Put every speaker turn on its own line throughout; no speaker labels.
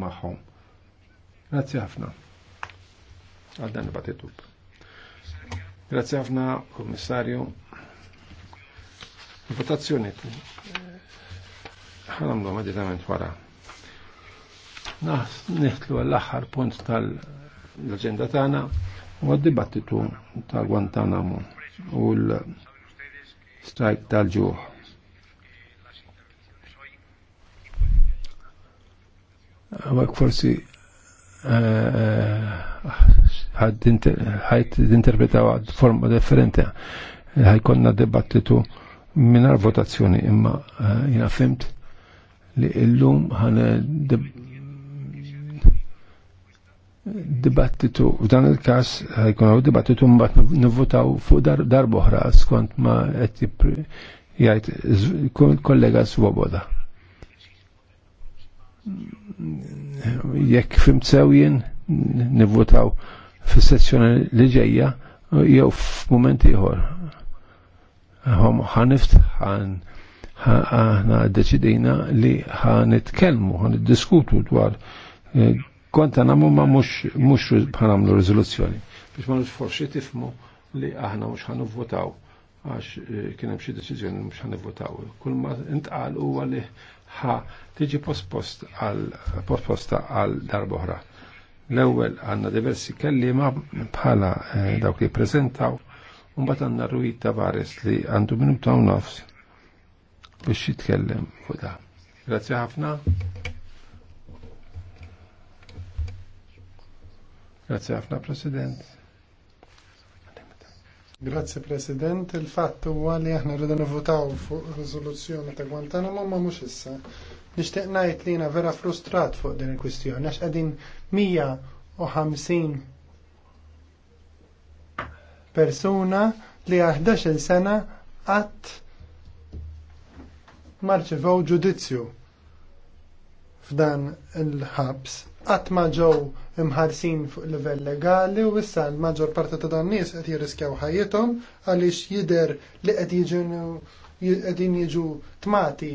maħħom. Grazzi ħafna. Għaddan dan batitub. Grazzi ħafna, Kommissarju. Votazzjoni ħanamlu meditament wara. Nihtlu għall axħar punt tal-agenda tana u għad-dibattitu tal-Guantanamo u l-strajk tal-ġuħ. għamak forsi eh, eh, ħajt interpretaw forma differenti ħajkonna debattitu minar votazzjoni imma eh, jina fimt li illum ħan dibattitu f'dan il-kas ħajkun għaw dibattitu mbagħad nivvotaw fuq darboħra skont ma qed jgħid kollega Svoboda jekk fimtsew jien nivvotaw fis-sessjoni li ġejja jew f'mument ieħor. Hom ħanift ħan aħna deċidina li ħanitkellmu, ħaniddiskutu dwar e, konta namu ma mux mux ħanamlu rizoluzzjoni. Biex ma nux forsi tifmu li aħna mux ħanuvvotaw għax e, kienem xie deċizjoni mux ħanuvvotaw. Kull ma intqal u għalli ħa tiġi posposta għal darboħra. l ewel għanna diversi kellima bħala eh, dawk li prezentaw, un bat għanna Rui Tavares li għandu minuta u nofs biex jitkellem fuq da. ħafna. Grazie ħafna President.
Grazzi President, il-fatt huwa eh, li aħna rridu nivutaw fuq riżoluzzjoni ta' Guantanamo ma mhux issa. Nixtieq ngħid li jiena vera frustrat fuq din il-kwistjoni għax qegħdin 150 persuna li għal il sena qatt marċevew ġudizzju f'dan il-ħabs qatt ma ġew imħarsin fuq livell legali u issa l-maġġor parti ta' dan nies qed jirriskjaw ħajjithom għaliex jidher li qed jiġu qegħdin jiġu tmati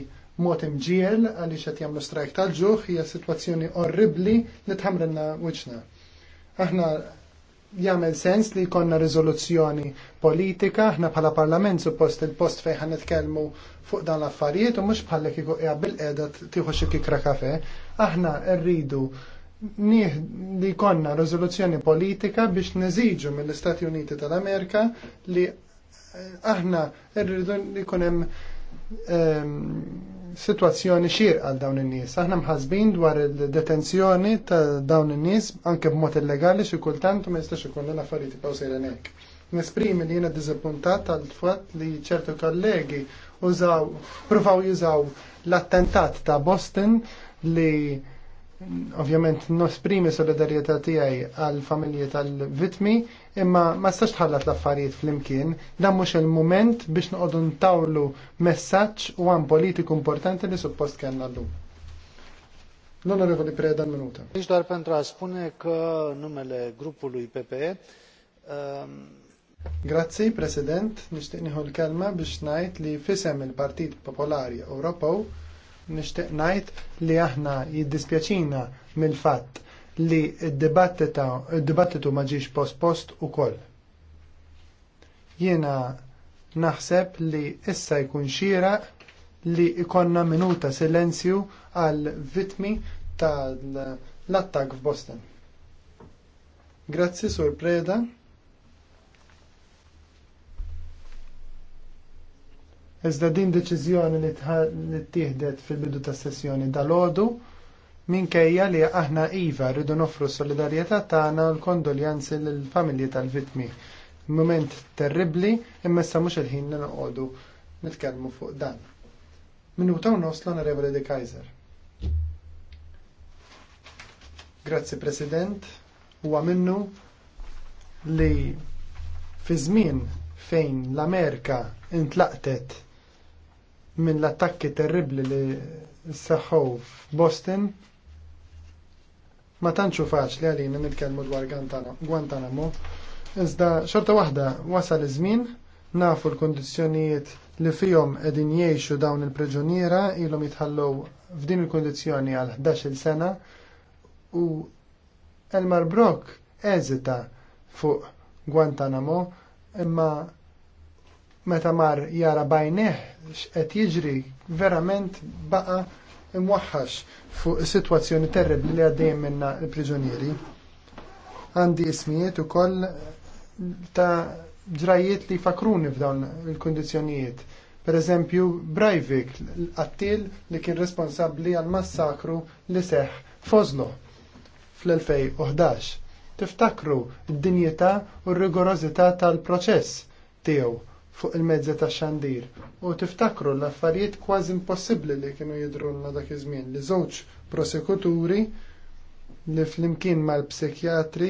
mod imġiel għaliex qed jagħmlu strajk tal-ġuħ hija sitwazzjoni orribbli li tħamrilna wiċċna. Aħna jagħmel sens li jkollna riżoluzzjoni politika, aħna bħala parlament suppost il-post fejn ħan nitkellmu fuq dan l-affarijiet u mhux bħalla kieku qiegħed bil-qiegħda tieħu xi kikra kafe. Aħna rridu li jkollna riżoluzzjoni politika biex neżiġu mill-Istati Uniti tal-Amerika li aħna rridu li jkun hemm ehm, situazzjoni xir għal dawn in-nies. Aħna mħasbin dwar il-detenzjoni ta' dawn in-nies anke b'mod illegali xi kultant ma jistax ikun lil affarijiet ibqgħu sejren hekk. Nesprimi li jiena diżappuntat għal fatt li ċertu kollegi użaw pruvaw jużaw l-attentat ta' Boston li ovvjament nosprimi solidarjetà tiegħi għal familji tal-vitmi imma ma stax tħallat l-affarijiet flimkien, dan mhux il-mument biex noqogħdu ntawlu messaġġ u għan politiku importanti li suppost kellna llum. L-onorevoli Preda minuta. Biex dar pentru a spune că numele grupului PPE ehm, Grazzi, President. Nishtiq nieħu l-kelma biex ngħid li fisem il-Partit Popolari Ewropew nixtieq ngħid li aħna jiddispjaċina mill-fatt li d-dibattitu ma ġiex post-post u koll. Jena naħseb li issa jkun xira li ikonna minuta silenzju għal vitmi tal-attak f'Boston. Grazzi, Sur Preda. Iżda din deċiżjoni li tieħdet fil-bidu tas sessjoni dal-ħodu minkejja li aħna iva rridu nofru solidarjetà tagħna u l-kondoljanzi lill-familji tal-vittmi. Moment terribli imma issa mhux il-ħin li noqogħdu nitkellmu fuq dan. Minuta u nos l-Onorevoli De Kaiser. Grazzi President, huwa minnu li fi żmien fejn l-Amerika intlaqtet minn l-attakki terribli li saħħu f'Boston Ma tantxu faċli għalina nitkellmu dwar Guantanamo, iżda xorta waħda wasal iż-żmien nafu l-kondizjonijiet li fihom qegħdin jgħixu dawn il-preġuniera ilhom jitħallu f'din il-kondizzjoni għal 11-il sena u Elmar Brock eżita fuq Guantanamo imma meta mar jara bajneħ x'qed jiġri verament baqa' imwaħħax fuq is-sitwazzjoni terribli li għaddejjem minna l-priġunieri. Għandi ismijiet ukoll ta' ġrajiet li fakruni f'dawn il-kundizzjonijiet. Per eżempju, Breivik, l-qattil li kien responsabbli għal massakru li seħ f'Oslo fl-2011. Tiftakru d-dinjità u r-rigorożità tal-proċess tiegħu fuq il-mezzi ta' xandir. U tiftakru l-affarijiet kważi impossibbli li kienu jidrulna dak iż-żmien li żewġ prosekuturi li flimkien mal-psikjatri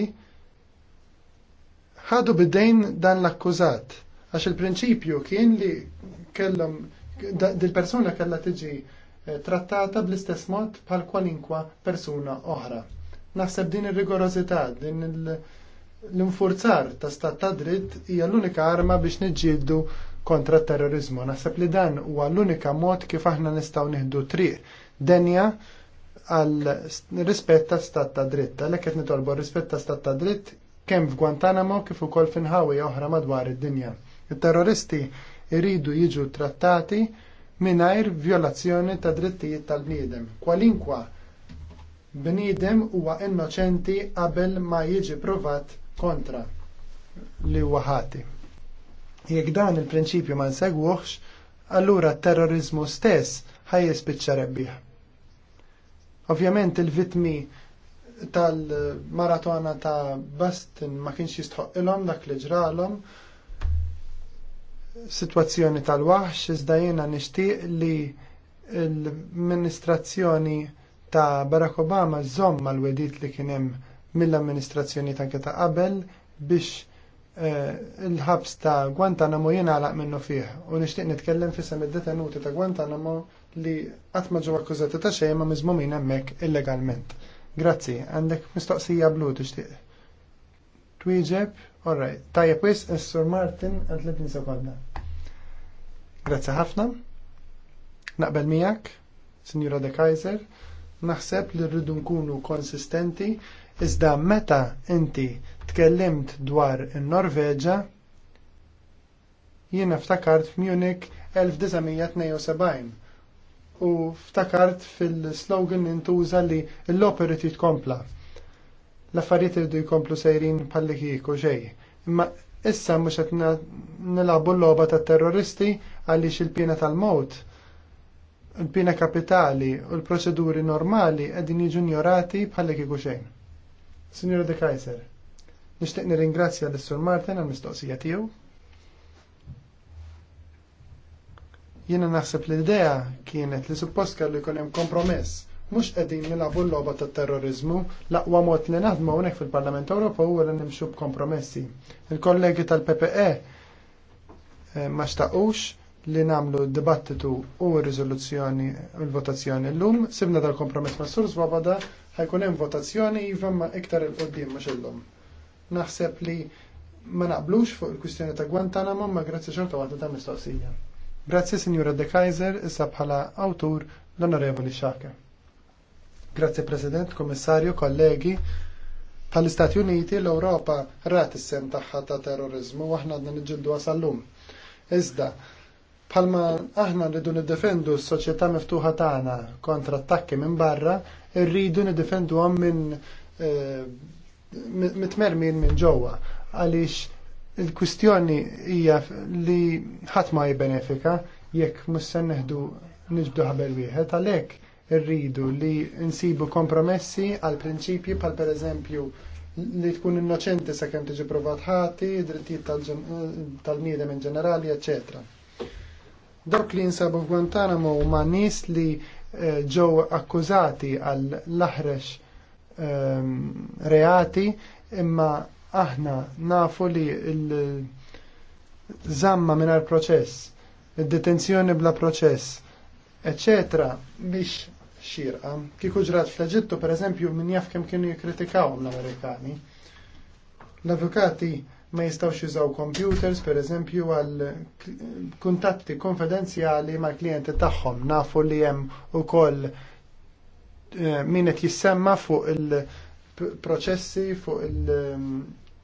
ħadu bidejn dan l-akkużat għax il-prinċipju kien li kellhom dil-persuna kellha tiġi eh, trattata bl-istess mod bħal kwalinkwa persuna oħra. Naħseb din ir-rigorożità, din il- l-infurzar ta' stat ta' dritt hija l-unika arma biex niġġieldu kontra t terrorizmu. Naħseb li dan huwa l-unika mod kif aħna nistgħu nieħdu triq denja għal rispett ta' stat ta' dritt. Għalhekk qed nitolbu rispett ta' stat ta' dritt kemm f'Guantanamo kif ukoll f'inħawi oħra madwar id-dinja. Il-terroristi jridu jiġu trattati mingħajr violazzjoni ta' drittijiet tal-bniedem. Kwalinkwa bniedem huwa innoċenti qabel ma jiġi provat kontra li huwa ħati. Jekk dan il-prinċipju ma nsegwuħx, allura t-terrorizmu stess ħajjes biċċa rebbieħ. Ovvjament il-vitmi tal-maratona ta' Bastin ma kienx jistħoq ilhom dak li ġralhom Sitwazzjoni tal-waħx iżda jiena nixtieq li l-amministrazzjoni ta' Barack Obama żomm mal-wedit li kien hemm mill-amministrazzjoni ta' ta' qabel biex eh, il-ħabs ta' Guantanamo jenalaq minnu fih u nishtiq nitkellem fissam id-detenuti ta' Guantanamo li għatma ġew akkużati ta' xejn ma' mizmumin hemmhekk illegalment. Grazzi, għandek mistoqsija blu tixtieq. Twieġeb, orrajt, tajjeb wis, Sur Martin għand li sekonda. Grazzi ħafna. Naqbel miegħek, Sinjura De Kaiser, naħseb li rridu nkunu konsistenti Iżda meta inti tkellimt dwar in-Norveġa, jiena ftakart f'Munich 1972 u ftakart fil-slogan intuża li l-opera trid tkompla. L-affarijiet irdu jkomplu sejrin palli kieku xej. Imma issa mhux qed nilagħbu l-logħba tat-terroristi għaliex il-pjena tal mewt il-pina kapitali u l-proċeduri normali qegħdin jiġu injorati bħalla kieku xejn. Signor De Kaiser, nishtiq nirringrazzja l-Sur Martin għal mistoqsija tiegħu. Jiena naħseb l-idea kienet li suppost kellu jkun hemm kompromess mhux qegħdin nilagħbu l-logħba tat-terrorizmu l-aqwa mod li naħdmu hawnhekk fil-Parlament Ewropew huwa li nimxu b'kompromessi. Il-kollegi tal-PPE eh, ma xtaqux li namlu dibattitu u r-riżoluzzjoni u l-votazzjoni l-lum, sibna dal-kompromess ma' sur Zwabada, ħajkun hemm votazzjoni jivamma iktar il-qoddim mhux illum. Naħseb li ma naqblux fuq il-kwistjoni ta' Guantanamo ma' grazzi xorta waħda ta' mistoqsija. Grazzi Sinjura De Kaiser, issa bħala awtur l-Onorevoli Xaka. Grazzi President, Komissarju, kollegi, tal-Istati Uniti l-Europa rrat is-sem tagħha ta' terrorizmu u aħna għandna niġġieldu għasallum. Iżda, Palma aħna rridu niddefendu s-soċjetà miftuħa tagħna kontra attakki minn barra, rridu niddefendu għom minn eh, mitmermin minn ġewwa għaliex il-kwistjoni hija li ħadd ma jibbenefika jekk mhux se neħdu niġbdu ħabel wieħed għalhekk irridu li nsibu kompromessi għal prinċipji bħal pereżempju li tkun innoċenti sakemm tiġi provat ħati, drittijiet tal-miedem eh, in ġenerali, eċċetera Dawk li jinsabu f'Guantanamo huma nies li eh, ġew akkużati għal laħrex ehm, reati imma aħna nafu li l-zamma mingħajr proċess, id-detenzjoni bla proċess, eccetera, biex xirqa. Kieku ġrat fl-Eġittu, per eżempju, minn jaf kem kienu jikkritikaw l-Amerikani. L-avukati ma jistawx jużaw computers, per eżempju, għal kuntatti konfidenzjali ma' klijenti tagħhom. Nafu li hemm ukoll eh, min qed jissemma fuq il-proċessi, fuq il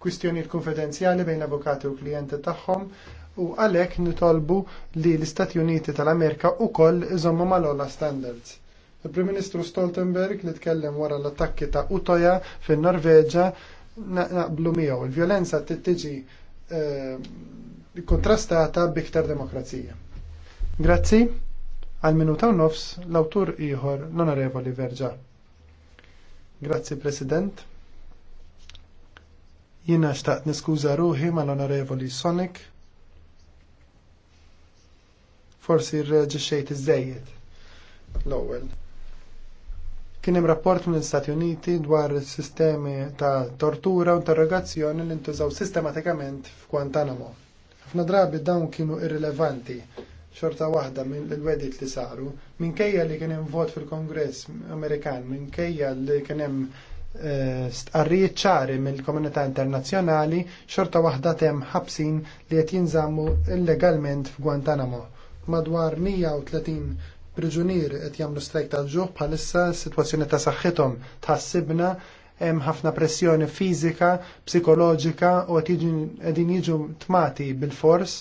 kwistjoni konfidenzjali bejn avukati u klijenti tagħhom u għalek nitolbu li l-Istati Uniti tal-Amerika u koll iżommu mal-ola standards. Il-Prim Ministru Stoltenberg li tkellem wara l-attakki ta' Utoja fin norveġa naqblu miegħu. Il-vjolenza tiġi eh, kontrastata biktar demokrazija. Grazzi għal minuta u nofs l-awtur ieħor l-Onorevoli Verġa. Grazzi President. Jiena xtaqt niskuża ruħi mal-Onorevoli Sonic. Forsi rreġi xejt iż l-ewwel. Kien hemm rapport mill-Istati Uniti dwar sistemi ta' tortura u interrogazzjoni li ntużaw sistematikament f'Guantanamo. Ħafna drabi dawn kienu irrilevanti xorta waħda minn l-wedit li saru, minkejja li kien hemm vot fil-Kongress Amerikan, minkejja li kien hemm eh, stqarrijiet ċari mill-komunità internazzjonali, xorta waħda tem ħabsin li qed jinżammu illegalment f'Guantanamo. Madwar 130 priġunieri qed jagħmlu strajk tal-ġuħ bħalissa s-sitwazzjoni ta' saħħithom tħassibna hemm ħafna pressjoni fiżika, psikoloġika u qegħdin jiġu tmati bil-fors.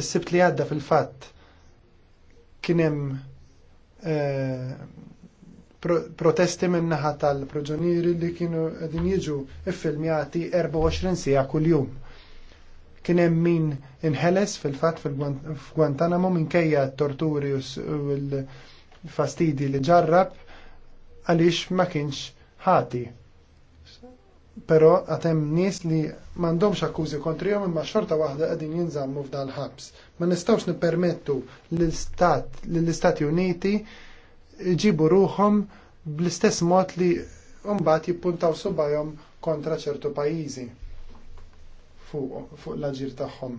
Is-sibt li għadda fil-fatt kien hemm eh, protesti min-naħa tal priġunieri li kienu qegħdin jiġu iffilmjati 24 siegħa kuljum kien hemm min inħeles fil-fatt fil-Guantanamo minkejja t-torturi u l-fastidi li ġarrab għaliex ma kienx ħati. Però għad hemm nies li m'għandhomx akkużi kontrihom imma xorta waħda qegħdin jinżammu f'dal ħabs. Ma nistgħux nippermettu lill-Istat lill-Istati Uniti jġibu ruhom bl-istess mod li mbagħad jippuntaw subajhom kontra ċertu pajjiżi fuq fuq l ġir tagħhom.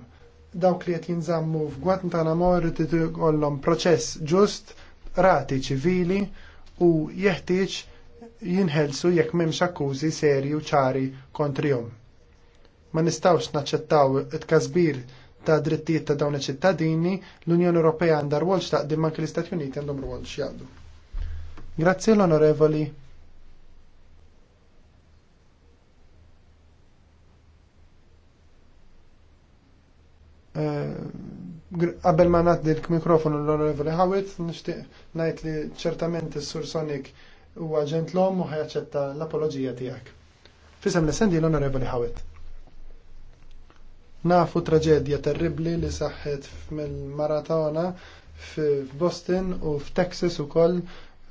Dawk li qed jinżammu f'Guantanamo rrid ikollhom proċess ġust, rati ċivili u jeħtieġ jinħelsu jekk m'hemmx akkużi serju u ċari kontrihom. Ma nistgħux naċċettaw it-każbir ta' drittijiet ta' dawn iċ-ċittadini, l-Unjoni Ewropea għandha rwol x'taqdim anke l-Istati Uniti għandhom rwol x'jaqdu. Grazzi l-Onorevoli Qabel ma naddi l-mikrofonu l-Onorevoli Hawit, nishtiq ngħid li ċertament il sur Sonic huwa om u ħajaċċetta l-apologija tiegħek. Fisem l sendi l-Onorevoli Hawit. Nafu traġedja terribli li saħħet mill-maratona f'Boston u f'Texas u koll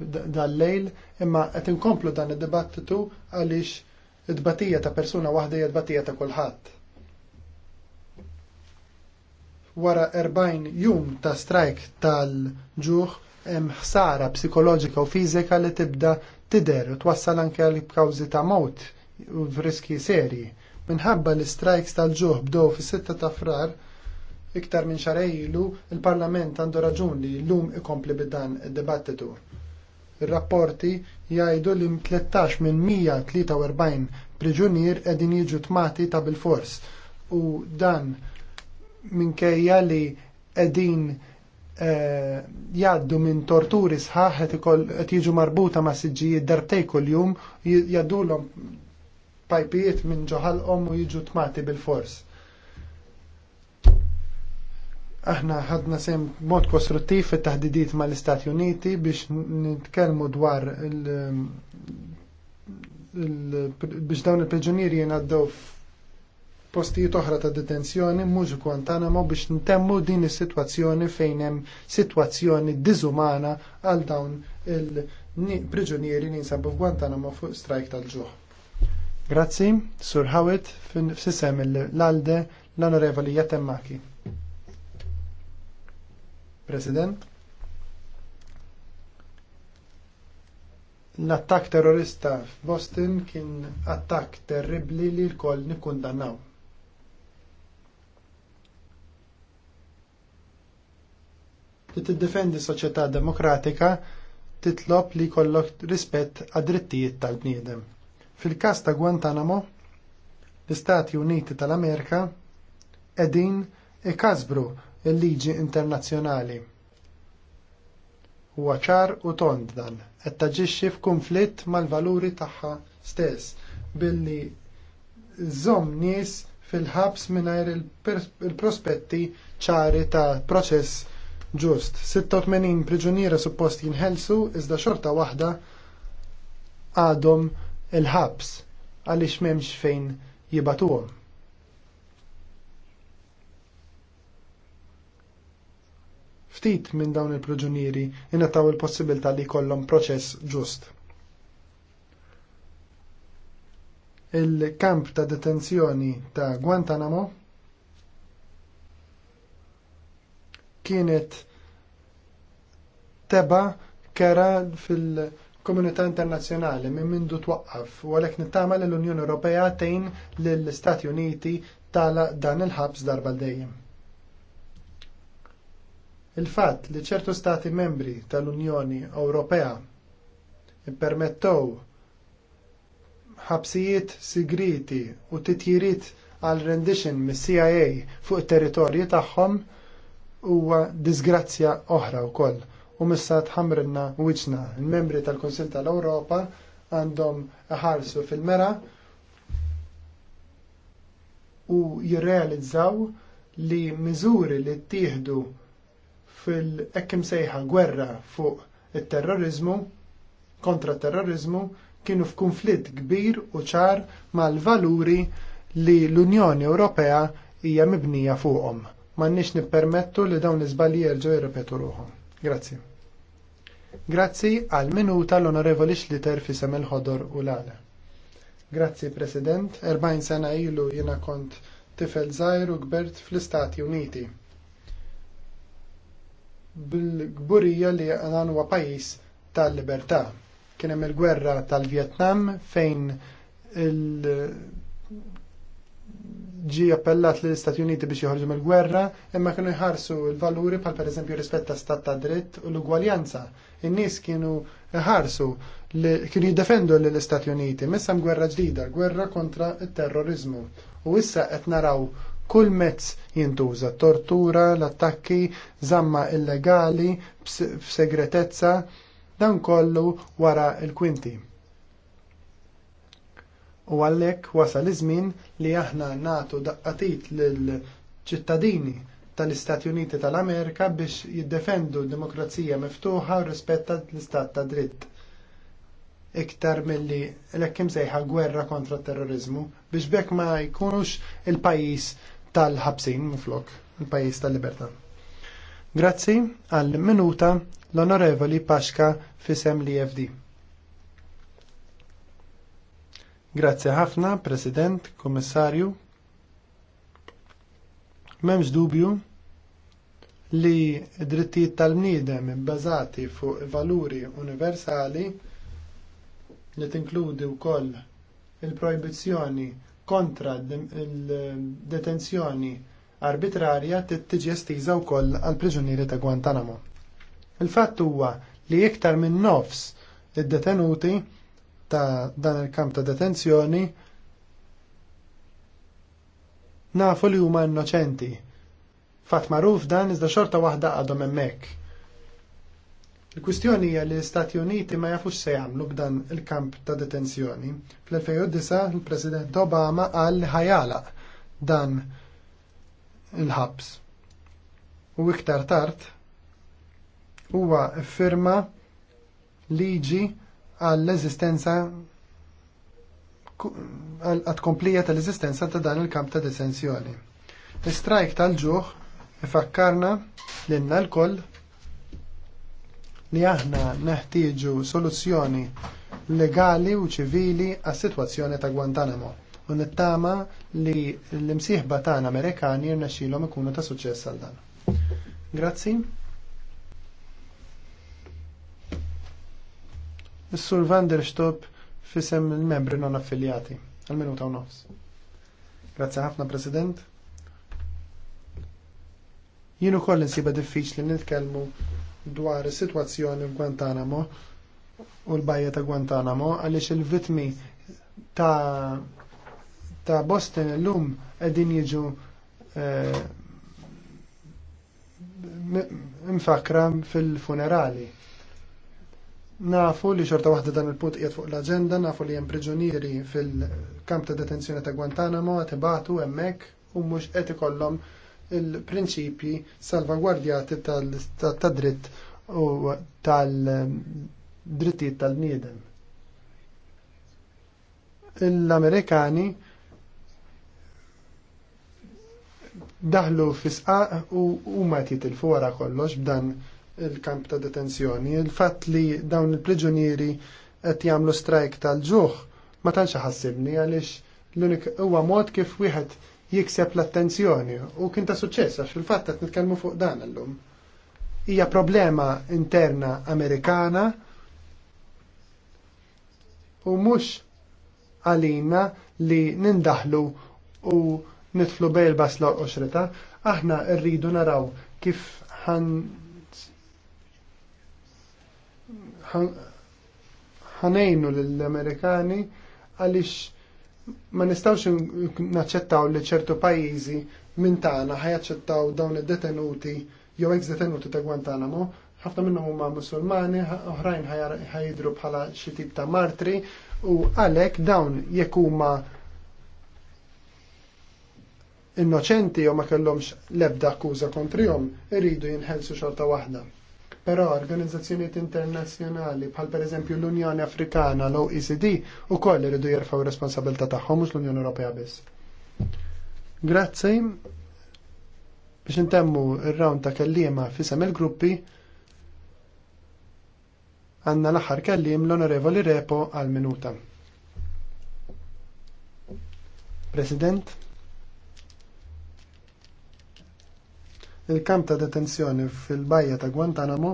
dal-lejl, imma qed inkomplu dan id-dibattitu għaliex id-batija ta' persuna waħda id batija ta' kulħadd wara 40 jum ta' strajk tal-ġuħ hemm ħsara psikoloġika u fiżika li tibda tider u twassal anke għal kawżi ta' mewt u f'riski serji. Minħabba li strajks tal-ġuħ bdew fis-6 ta' frar iktar minn xarejlu il-Parlament għandu raġun li llum ikompli bid-dan id-dibattitu. Ir-rapporti jgħidu li 13 minn 143 priġunier qegħdin jiġu tmati ta' bilfors u dan minkejja li qegħdin eh, jaddu minn torturi sħaħ qed jiġu marbuta ma' siġġijiet dartej kuljum jaddulhom pajpijiet minn ġoħalqhom u jiġu tmati bil-fors. Aħna ħadna sem mod kostruttiv fit taħdidiet mal-Istati Uniti biex nitkellmu dwar biex dawn il-priġunieri jenaddu postijiet oħra ta' detenzjoni mhux Guantanamo biex ntemmu din is-sitwazzjoni fejn hemm sitwazzjoni diżumana għal dawn il-priġunieri li jinsabu f'Guantanamo fuq strajk tal-ġuħ. Grazzi, Sur Hawit, f'sisem l-Alde, l-Onorevoli Jatemmaki. President, l-attak terrorista f'Boston kien attak terribli li l-koll nikkundannaw. li tiddefendi soċjetà demokratika titlob li jkollok rispett għad-drittijiet tal-bniedem. Fil-każ ta' Guantanamo, l-Istati Uniti tal-Amerika qegħdin ikasbru l-liġi internazzjonali. Huwa ċar u tond dan, qed taġixxi f'kunflitt mal-valuri tagħha stess billi żomm nies fil-ħabs mingħajr il-prospetti ċari ta' proċess ġust. 86 priġuniera suppost jinħelsu iżda xorta waħda għadhom il-ħabs għaliex m'hemmx fejn jibatuhom. Ftit minn dawn il-priġunieri ingħataw il-possibilità li jkollhom proċess ġust. Il-kamp ta' detenzjoni ta' Guantanamo kienet teba kera fil-komunità internazzjonali minn mindu twaqqaf u għalhekk nittama l unjoni Ewropea tgħin lill-Istati Uniti tala dan il-ħabs darba dejjem. Il-fatt li ċertu stati membri tal-Unjoni Ewropea ippermettow ħabsijiet sigriti u titjiriet għal rendition mis-CIA fuq it-territorji tagħhom huwa disgrazzja oħra wkoll u missa tħamrilna wiċna. Il-membri tal-Konsil tal-Ewropa għandhom ħarsu fil-mera u jirrealizzaw li miżuri li ttieħdu fil-ekkim sejħa gwerra fuq il-terrorizmu, kontra terrorizmu, kienu f'kunflitt kbir u ċar mal-valuri li l-Unjoni Ewropea hija mibnija fuqhom m'għandniex nippermettu li dawn l-iżbalji jerġgħu jirrepetu ruħhom. Grazzi. Grazzi għal minuta l-Onorevoli Xliter fi il-ħodor u l-għale. Grazzi President, 40 sena ilu jiena kont tifel zaħir u kbert fl-Istati Uniti. Bil-gburija li għan huwa pajjiż tal-libertà. Kien hemm il-gwerra tal-Vjetnam fejn il- ġi appellat l istati Uniti biex joħorġu mill-gwerra, imma kienu jħarsu l-valuri pal per eżempju rispett ta' stat ta' dritt u l-ugwaljanza. In-nies kienu jħarsu kienu jiddefendu l istati Uniti, missa gwerra ġdida, gwerra kontra il-terrorizmu. U issa qed naraw kull mezz jintuża, tortura, l-attakki, zamma illegali, f'segretezza, dan kollu wara il-kwinti. U għallek wasal iż-żmien li aħna nagħtu daqqatit lill ċittadini tal-Istati Uniti tal-Amerika biex jiddefendu demokrazija miftuħa u rispetta l-istat ta' dritt. Iktar milli l-ekkim sejħa gwerra kontra t terrorizmu biex bekk ma jkunux il-pajis tal-ħabsin muflok, il-pajis tal-libertà. Grazzi għall-minuta l-Onorevoli Paxka fisem li FD. Grazzi ħafna, President, Kommissarju. Memx dubju li drittijiet tal-bniedem bbażati fuq valuri universali li tinkludi wkoll il-projbizzjoni kontra il-detenzjoni arbitrarja tiġi estiża wkoll għal priġunieri ta' Guantanamo. Il-fatt huwa li iktar minn nofs id-detenuti ta' dan il-kamp ta' detenzjoni nafu li huma innoċenti. Fatt magħruf dan iżda xorta waħda għadhom hemmhekk. Il-kwistjoni hija li l-Istati Uniti ma jafux se jagħmlu b'dan il-kamp ta' detenzjoni. Fl-2009 il-President Obama qal li ħajalaq dan il-ħabs. U iktar tard huwa firma liġi għall-eżistenza għad komplija tal-eżistenza ta' dan il-kamp ta' desenzjoni. Strajk tal-ġuħ ifakkarna l-inna l-koll li aħna neħtieġu soluzzjoni legali u ċivili għas situazzjoni ta' Guantanamo u nittama li l-imsieħba tagħna Amerikani jirnexxilhom ikunu ta' suċċess għal dan. Grazzi. Is-Sur Van der Stop fisem il-membri non affiljati. Għal-minuta nofs. Grazie ħafna, President. Jienu koll insiba diffiċli nitkellmu dwar is-sitwazzjoni f'Guantanamo u l-bajja ta' Guantanamo għaliex il-vitmi ta' ta' Boston l-lum qegħdin jiġu mfakra fil-funerali Nafu li xorta waħda dan il-punt qiegħed fuq l-aġenda, nafu li hemm priġunieri fil-kamp ta' detenzjoni ta' Guantanamo qed ibatu hemmhekk u mhux qed ikollhom il-prinċipji salvagwardjati tad dritt u tal-drittijiet tal-bniedem. L-Amerikani daħlu fisqa u huma qed jitilfu wara kollox b'dan il-kamp ta' detenzjoni. Il-fatt li dawn il-priġunieri qed jagħmlu strajk tal-ġuħ ma tantx ħassibni għaliex l-unik huwa mod kif wieħed jikseb l-attenzjoni u kien ta' suċċess għax il-fatt qed nitkellmu fuq dan illum. Hija problema interna Amerikana u mhux għalina li nindaħlu u nitflu bejl basla 20 aħna rridu naraw kif ħan ħanejnu lill-Amerikani għaliex ma nistawx naċċettaw li ċertu pajjiżi minn tagħna ħajaċċettaw dawn id-detenuti jew ex detenuti ta' Guantanamo ħafna minnhom huma Musulmani, oħrajn ħajidru bħala xi tip ta' martri u għalhekk dawn jekk huma innoċenti jew ma kellhomx l-ebda akkuża kontrihom iridu jinħelsu xorta waħda. Però organizzazzjonijiet internazzjonali bħal pereżempju l-Unjoni Afrikana, l-OECD, ukoll irridu jirfaw responsabilità tagħhom mux l-Unjoni Ewropea biss. Grazzi. Biex intemmu il round ta' kelliema fisem il-gruppi, għanna l-aħħar kellim l-Onorevoli Repo għal minuta. President, il-kamp ta' detenzjoni fil-bajja ta' Guantanamo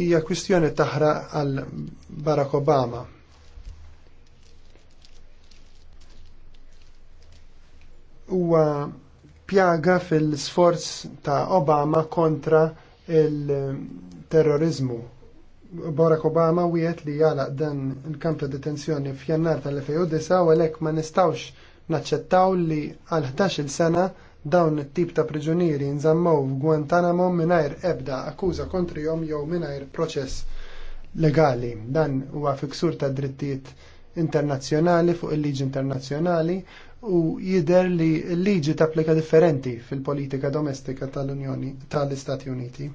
hija kwistjoni taħra għal Barack Obama. Huwa pjaga fil-sforz ta' Obama kontra il-terrorizmu Barack Obama wiet li jalaq dan il-kamp ta' detenzjoni f'jannar tal-2009 u għalhekk ma nistawx naċċettaw li għal 11 sena dawn it-tip ta' priġunieri nżammaw f'Guantanamo mingħajr ebda akkuża kontrihom jew mingħajr proċess legali. Dan huwa fiksur ta' drittijiet internazzjonali fuq il-liġi internazzjonali u jidher li l-liġi tapplika differenti fil-politika domestika tal-Unjoni tal-Istati Uniti.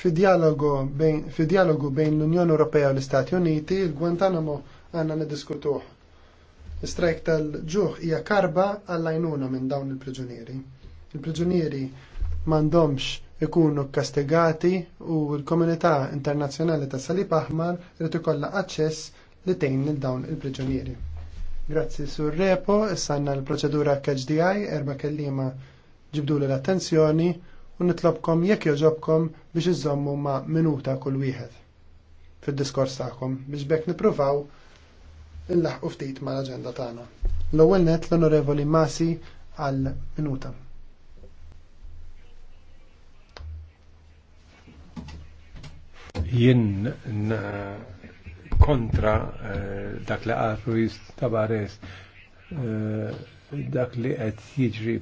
Fi dialogu bejn, l-Unjoni Ewropea u l-Istati Uniti, il-Guantanamo għanna niddiskutuh. Strajk tal-ġuħ hija karba għall-għajnuna minn dawn il-priġunieri. Il-priġunieri m'għandhomx ikunu kastigati u l-komunità internazzjonali ta' Salib Aħmar irid ikollha aċċess li tgħin il dawn il-priġunieri. Grazzi sur repo, issa għandna l-proċedura KHDI, erba' kelliema ġibdu l-attenzjoni u nitlobkom jekk joġobkom biex iżommu ma' minuta kull wieħed fid-diskors tagħkom biex bekk nippruvaw il-laħqu ftit mal-aġenda tagħna. L-ewwel net l-Onorevoli Masi għal minuta.
Jien kontra eh, dak li qalu Tabares eh, dak li qed jiġri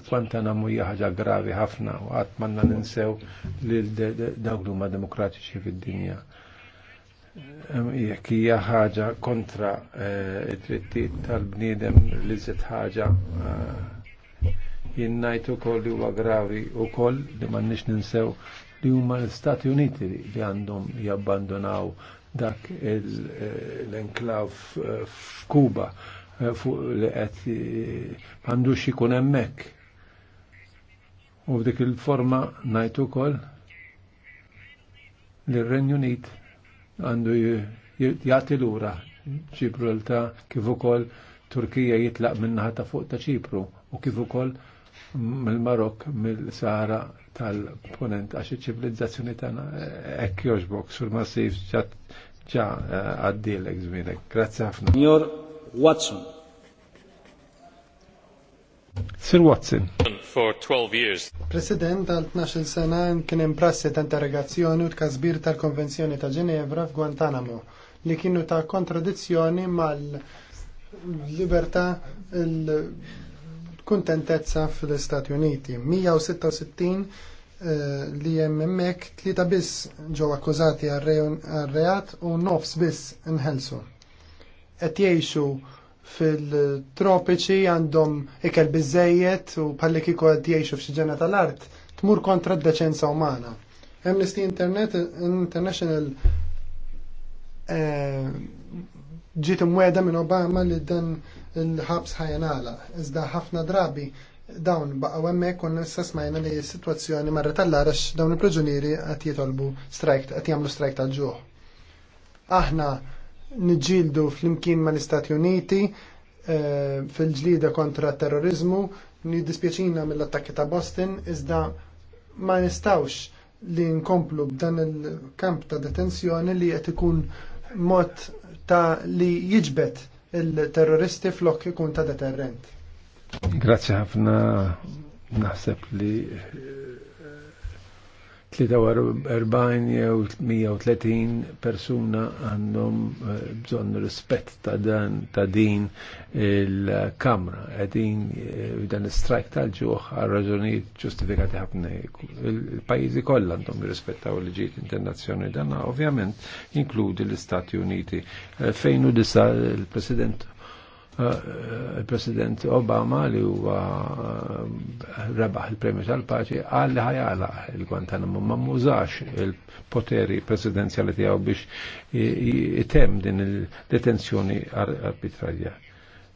mu hija ħaġa gravi ħafna u qatt manna ninsew lil dawk li huma demokratiċi fid-dinja. Jekk hija ħaġa kontra eh, id-drittijiet tal-bniedem li żed ħaġa eh, jien ngħid ukoll li huwa gravi wkoll li m'għandniex ninsew li huma l-Stati Uniti li għandhom jabbandonaw dak eh, l-enklav f'Kuba Eh, fuq li qed eh, m'għandux ikun hemmhekk. U f'dik il-forma ngħid ukoll li r-Renju Unit għandu jagħti lura ta kif ukoll Turkija jitlaq minnaħa ta' fuq ta' Ċipru u kif ukoll mill-Marok mill-Sahara tal-ponent għax iċ-ċivilizzazzjoni tagħna eh, hekk joġbok sur massiv ċa għaddielek żmienek. Grazzi ħafna. Watson. Sir Watson. For 12
years. President għal 12 sena kien hemm prassi ta' interrogazzjoni u tkasbir tal-Konvenzjoni ta' Ġenevra f'Guantanamo li kienu ta' kontradizzjoni mal-libertà kuntentezza fl-Istati Uniti. 166 eh, li jemmemmek tlita biss ġew akkużati għal-reat u nofs biss nħelsu qed jgħixu fil-tropiċi għandhom ikel biżejjed u bħalli kieku qed jgħixu f'xi ġena tal-art tmur kontra d-deċenza umana. Amnesty Internet, International eh, ġiet imwieda minn Obama li dan il-ħabs ħajnala. Iżda ħafna drabi dawn baqgħu hemmhekk u nista' smajna li s-sitwazzjoni marra tal-arax dawn il-proġunieri qed jitolbu strajk qed jagħmlu strajk tal-ġuħ. Aħna niġġieldu flimkien mal-Istati Uniti eh, fil-ġlida kontra t terrorizmu, nidispjaċina mill-attakki ta' Boston, iżda ma nistawx li nkomplu b'dan il-kamp ta' detenzjoni li qed ikun mod ta' li jiġbet il-terroristi flok ikun ta' deterrent.
Grazzi ħafna naħseb li eh, 43 jew 130 persuna għandhom eh, bżonn rispett ta' dan ta' din il-kamra Għedin eh, dan is-strajk tal-ġuħ għal raġunijiet ġustifikati ħafna. Il-pajjiżi kollha għandhom jirrispettaw il-liġijiet internazzjonali dan ovvjament inkludi l-Istati Uniti. Eh, fejn u disa il-President Eh, il-President Obama li huwa eh, rebaħ il-Premju tal-Paċi għalli ħajala il-Guantanamo ma mużax il-poteri presidenziali tiegħu biex item din il-detenzjoni arbitrarja.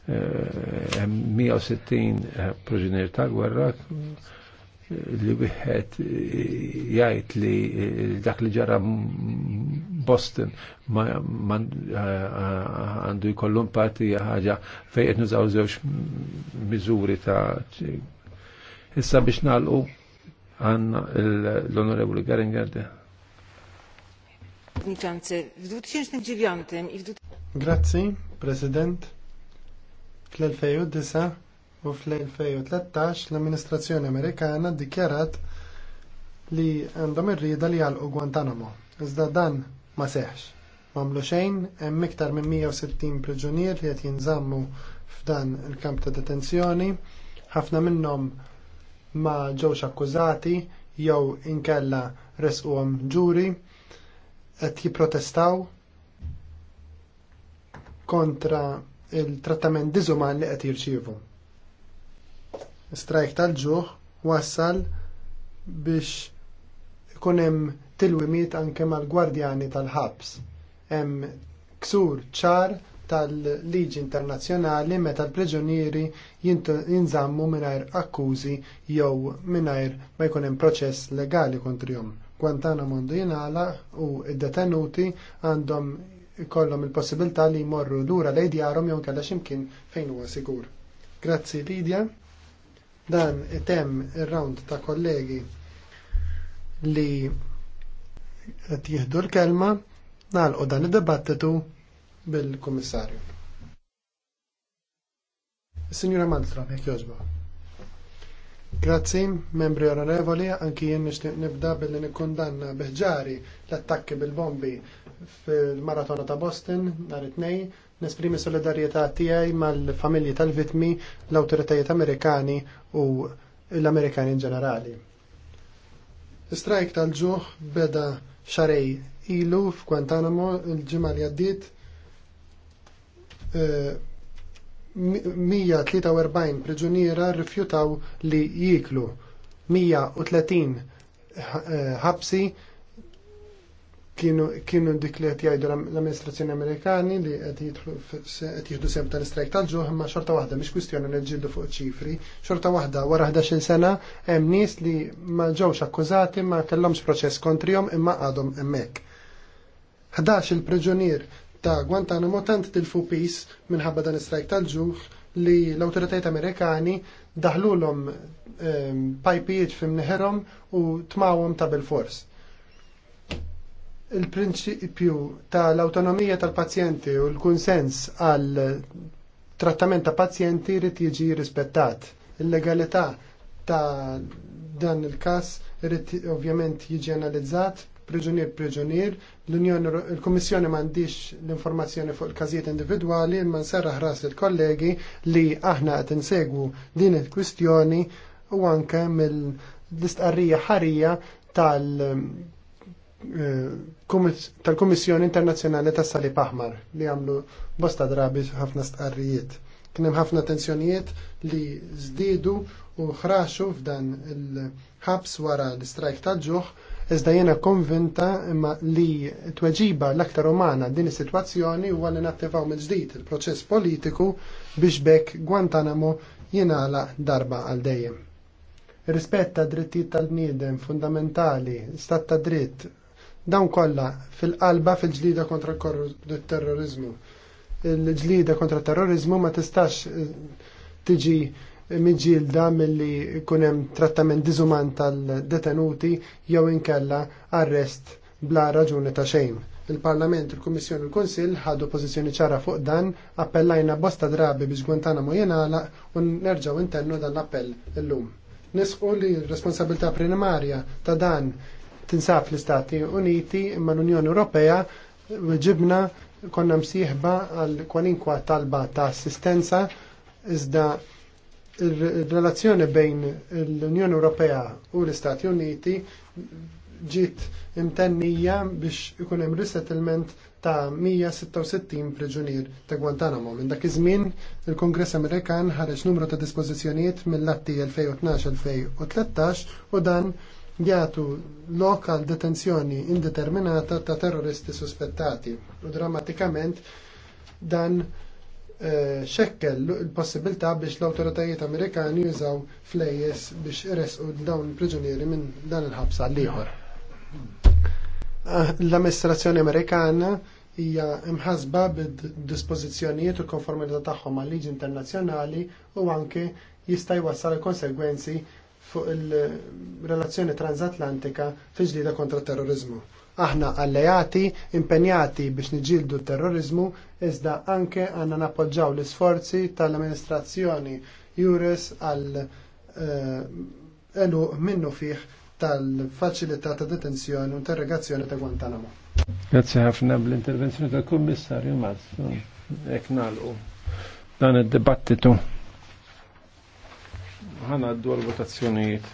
160 eh, proġinier tal gwerra li wieħed jgħid li eh, dak li ġara Boston eh, eh, għandu jkollu impatt ħaġa fejn qed nużaw żewġ miżuri ta' issa biex nagħlqu għandna l-Onorevoli Garinger
Grazzi, President. Fl-2009 u fl-2013 l-amministrazzjoni Amerikana ddikjarat li għandhom ir li jgħalqu Guantanamo. Iżda dan ma seħx. Mamlu xejn, hemm iktar minn 160 priġunier li qed jinżammu f'dan il-kamp ta' detenzjoni, ħafna minnhom ma ġewx akkużati jew inkella resquhom ġuri qed jipprotestaw kontra il-trattament diżuman li qed jirċievu strajk tal-ġuħ wassal biex ikun hemm tilwimiet anke mal-gwardjani tal-ħabs. Hemm ksur ċar tal-liġi internazzjonali meta l-preġunieri jinżammu mingħajr akkużi jew mingħajr ma jkun hemm proċess legali kontrihom. Guantanamo għandu jingħala u d-detenuti għandhom ikollhom il-possibilità li jmorru lura lejn djarhom jew kellha x'imkien fejn huwa sigur. Grazzi Lidja. Dan item ir-round ta' kollegi li qed jieħdu l-kelma nagħlqu dan id-dibattitu bil-Kummissarju. Signora Maltra, jekk jogħġba. Grazzi, membri onorevoli, anki jien nixtieq nibda billi nikkundanna biħġari l-attakki bil-bombi fil-maratona ta' Boston nhar it-tnejn Nesprimi solidarjetà tiegħi mal-familji tal-vitmi, l-awtoritajiet Amerikani u l-Amerikani in ġenerali. Strajk tal-ġuħ beda xarej ilu f'Guantanamo l-ġimgħa li għaddiet eh, 143 priġuniera rrifjutaw li jiklu 130 eh, ħabsi kienu dik li qed jgħidu l-amministrazzjoni Amerikani li qed jieħdu sem tal-istrajk tal-ġuħ imma xorta waħda mhix kwistjoni li ġildu fuq ċifri, xorta waħda wara 11-il sena hemm nies li ma ġewx akkużati ma kellhomx proċess kontrihom imma għadhom hemmhekk. 11 il-preġunier ta' Guantanamo tant tilfu pis minħabba dan istrajk tal-ġuħ li l awtoritajiet Amerikani daħlulhom ehm, pajpijiet fimneħerhom u tmawhom ta' bil-fors il-prinċipju tal-autonomija tal-pazjenti u l-kunsens għal trattament ta' pazjenti rrit jiġi rispettat. Il-legalità ta' dan il-kas rrit ovvjament jiġi analizzat priġunier priġunier, l-Unjoni il-Kummissjoni m'għandix l-informazzjoni fuq il-każijiet individwali, imma nserraħ ras il-kollegi li aħna qed insegwu din il-kwistjoni u anke mill-istqarrija ħarija tal- tal-Kummissjoni Internazzjonali tas salib Aħmar li għamlu bosta drabi ħafna stqarrijiet. Kien hemm ħafna tensjonijiet li żdiedu u ħraxu f'dan il-ħabs wara l-istrajk tal-ġuħ iżda jena konvinta imma li tweġiba l-aktar umana din is-sitwazzjoni huwa li nattivaw mill ġdid il-proċess politiku biex bekk Guantanamo jingħala darba għal dejjem. Rispett ta' drittijiet tal-bniedem fundamentali, stat ta' dritt, Dawn kollha fil-qalba fil-ġlida kontra terrorizmu. Il-ġlida kontra terrorizmu ma tistax eh, tiġi miġilda mill-li kunem trattament dizuman tal-detenuti jew inkella arrest bla raġuni ta' xejn. Il-Parlament, il-Kummissjoni, il-Konsil ħadu pożizzjoni ċara fuq dan, appellajna bosta drabi biex Guantana jenala u nerġaw intennu dan l-appell illum. Nisqu li responsabilta' responsabilità primarja ta' dan tinsab fl-Istati Uniti imma l-Unjoni Ewropea ġibna konna msieħba għal kwalinkwa talba ta' assistenza iżda il-relazzjoni bejn l-Unjoni Ewropea u l-Istati Uniti ġiet imtennija biex ikun hemm resettlement ta' 166 priġunier ta' Guantanamo. Minn dak iż-żmien il-Kongress Amerikan ħareġ numru ta' dispożizzjonijiet mill-atti 2012-2013 u dan jagħtu lokal detenzjoni indeterminata ta' terroristi suspettati u drammatikament dan eh, xekkel il-possibilità biex l-autoritajiet Amerikani jużaw flejjes biex iresqu dawn il-priġunieri minn dan il-ħabsa l-ieħor. Eh, l-amministrazzjoni Amerikana hija imħasba bid-dispożizzjonijiet u konformità tagħhom għal liġi internazzjonali u anke jista' jwassal konsegwenzi fuq il-relazzjoni transatlantika fi ġlida kontra terrorizmu. Aħna alleati impenjati biex niġildu terrorizmu, iżda anke għanna nappoġġaw l-isforzi tal-amministrazzjoni Juris għal eh, elu minnu fiħ tal-faċilità ta' detenzjoni u interrogazzjoni ta' Guantanamo.
Grazie ħafna bl-intervenzjoni tal-Kummissarju Mazzu. Eknalqu dan il dibattitu għaddu għal-votazzjonijiet.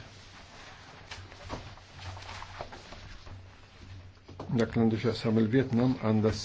Dak l-għandu xaqsam il-Vietnam għanda